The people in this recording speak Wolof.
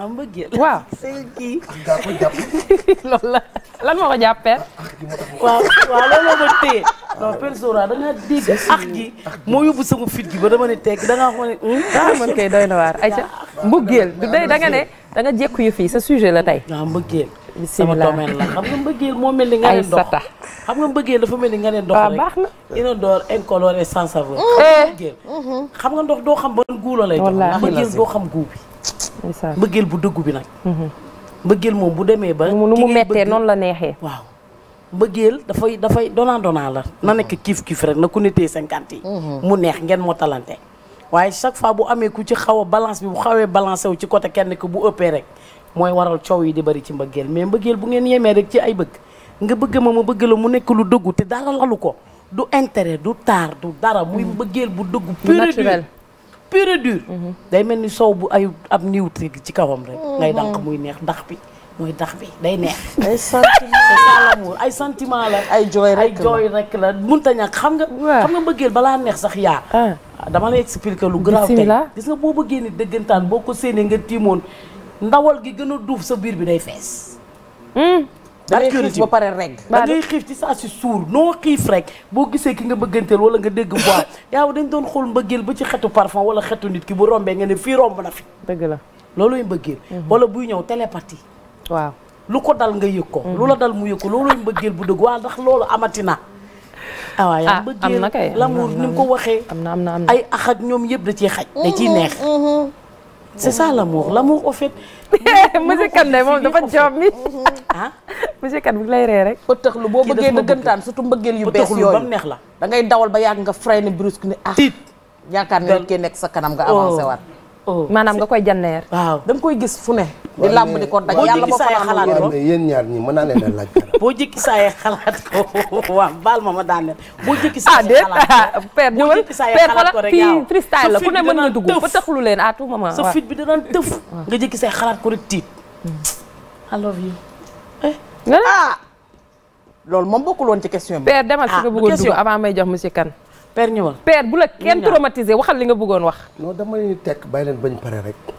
ah mbëggeel waaw sëy kii. loolu la lan moo ko jàpp père. Ah, ah, waaw waaw looloo ma téye. da ngaa dégg ax gi ah, moo yóbbu sama fit gi ba dama ne tekki da xool ne. Hmm? du day da nga ne da nga yu fii sa sujet la tey. waaw mbëggeel. sama domaine la xam nga mbëggeel moo mel ni nga ne ndox xam nga mbëggeel dafa mel ni nga ne ndox rek baax na ina door incolore sans eh. mm-hmm. xam nga ndox doo xam ban guula lay jox mbëggeel doo xam guu bëggeel bu dëggu bi nag. Mhm. mbëggeel moom bu demee ba. nu mu mettee noonu la neexee. waaw mbëggeel dafay dafay donnaa donnaa la. na mhm. nekk kiif kiif rek na ku ne tee cinquante yi. Mhm. mu neex ngeen moo talante. waaye chaque fois bu amee ku ci xaw a balance bi bu xawee balancé wu ci côté kenn ku bu ëppee rek mooy waral coow yi di bëri ci mbëggeel mais mbëggeel bu ngeen yemee rek ci ay bëgg nga bëgg ma ma bëgg la mu nekk lu dëggu te dara lalu ko du intérêt du taar du dara. muy mbëggeel bu dëggu. pure dure mhm. day mel ni sow bu ay ab niw teg ci kawam rek mhm. ngay dànq muy neex ndax bi mooy ndax bi day neex ay sentiment la ay jooy rek ay jooy rek la munta ñàkk xam nga xam nga mbëggeel balaa neex sax yaa ah. Ah, dama lay expliquer lu garaaw tey gis nga boo bëggee nit dëggantaan boo ko séenee nga tiimoon ndawal gi gën a duuf sa biir bi day fees hmm. dangay xiif ba pare reg da xiif ci saa si suur noo xiif rek boo gisee ki nga bëgganteel wala nga dégg bois yaaw dañ doon xool mbëggeel ba ci xetu parfum wala xetu nit ki bu rombee nga ne fii romb na fi dëgg la looluy mbëggeel mhm. wala buy ñëw télépathie waaw lu ko dal nga yëg ko mhm. lu dal mu yëg ko looluy mbëggeel bu dëgg waa ndax loolu amatina ah waaw yaa ah, mbëggeel l'amour ni mu ko waxee am na am na ay ax ak ñoom yëpp da ciy xaj da ciy mhm, neex c'est ça l'amour l'amour au fait monsieur Kandé moom dafa joob mi ah monsieur Kane bu lay ree rek. pëtëxlu boo bëggee dëggantaan surtout mbëggeel yu bees yooyu neex la. da ngay ba yàgg nga freiné brusque ah, ni ah. nekk sa kanam nga avancé oh. waat. Oh. Oh. maanaam koy janneer. waaw da nga koy gis fu ne. di làmb di ko daj yàlla boo fanaan xalaat ko mais yéen ñaar mën naa leen a laaj dara. boo jékki saa yee xalaat ko waaw baal ma ma daan leen boo jékki ah, saa yee xalaat ko la ku ne mën na dugg ba taxlu leen ah, tout moment. sa fit bi dana tëf nga jékki say xalaat ko rek tiit hmm. I love you eh? ah loolu moom bokkul woon ci question bi. père demal si ah, nga bëggoon dugg avant may jox monsieur Kane. père ñëwal père bu la kenn traumatisé waxal li nga bëggoon wax. non dama leen tekk bàyyi leen bañ pare rek.